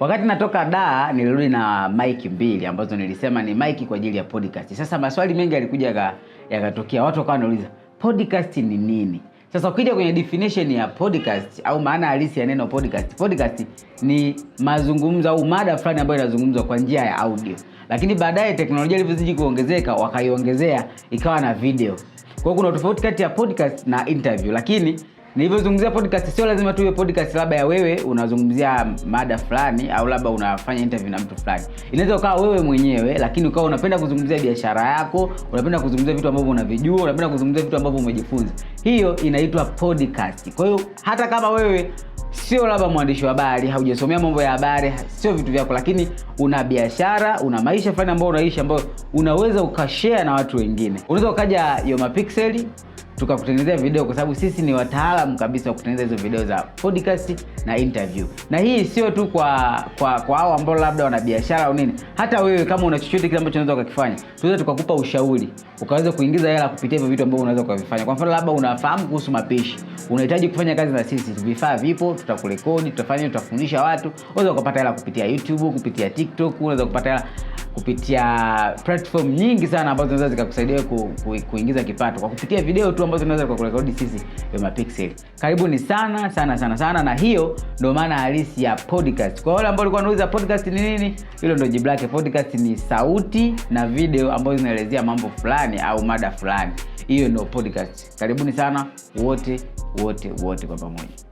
Wakati natoka da nilirudi na maiki mbili ambazo nilisema ni maiki kwa ajili ya podcast. Sasa maswali mengi yalikuja yakatokea, watu wakawa wanauliza podcast ni nini? Sasa ukija kwenye definition ya podcast au maana halisi ya neno podcast, podcast ni mazungumzo au mada fulani ambayo inazungumzwa kwa njia ya audio, lakini baadaye teknolojia ilivyozidi kuongezeka wakaiongezea ikawa na video. Kwa hiyo kuna tofauti kati ya podcast na interview, lakini nilivyozungumzia podcast, sio lazima tuwe podcast, labda ya wewe unazungumzia mada fulani, au labda unafanya interview na mtu fulani. Inaweza ukawa wewe mwenyewe, lakini ukawa unapenda kuzungumzia biashara yako, unapenda kuzungumzia vitu ambavyo unavijua, unapenda kuzungumzia vitu ambavyo umejifunza. Hiyo inaitwa podcast. Kwa hiyo hata kama wewe sio labda mwandishi wa habari, haujasomea mambo ya habari, sio vitu vyako, lakini una biashara, una maisha fulani ambayo unaishi, ambayo unaweza ukashare na watu wengine. Unaweza ukaja Yoma Pixel tukakutengenezea video, kwa sababu sisi ni wataalamu kabisa wa kutengeneza hizo video za podcast na interview. Na hii sio tu kwa kwa kwa hao ambao labda wana biashara au nini, hata wewe kama una chochote kile ambacho unaweza ukakifanya, tunaweza tukakupa ushauri ukaweza kuingiza hela kupitia hivyo vitu ambavyo unaweza ukavifanya. Kwa mfano, labda unafahamu kuhusu mapishi, unahitaji kufanya kazi na sisi, vifaa vipo, tutakurekodi, tutafanya, tutafundisha watu, unaweza ukapata hela kupitia YouTube, kupitia TikTok, unaweza kupata hela kupitia platform nyingi sana ambazo zinaweza zikakusaidia ku, ku, kuingiza kipato kwa kupitia video tu ambazo tunaweza kurekodi sisi mapixel Karibuni sana sana sana sana, na hiyo ndio maana halisi ya podcast. Kwa wale ambao walikuwa wanauliza podcast ni nini, hilo ndio jibu lake. Podcast ni sauti na video ambazo zinaelezea mambo fulani au mada fulani. Hiyo ndio podcast. Karibuni sana wote wote wote kwa pamoja.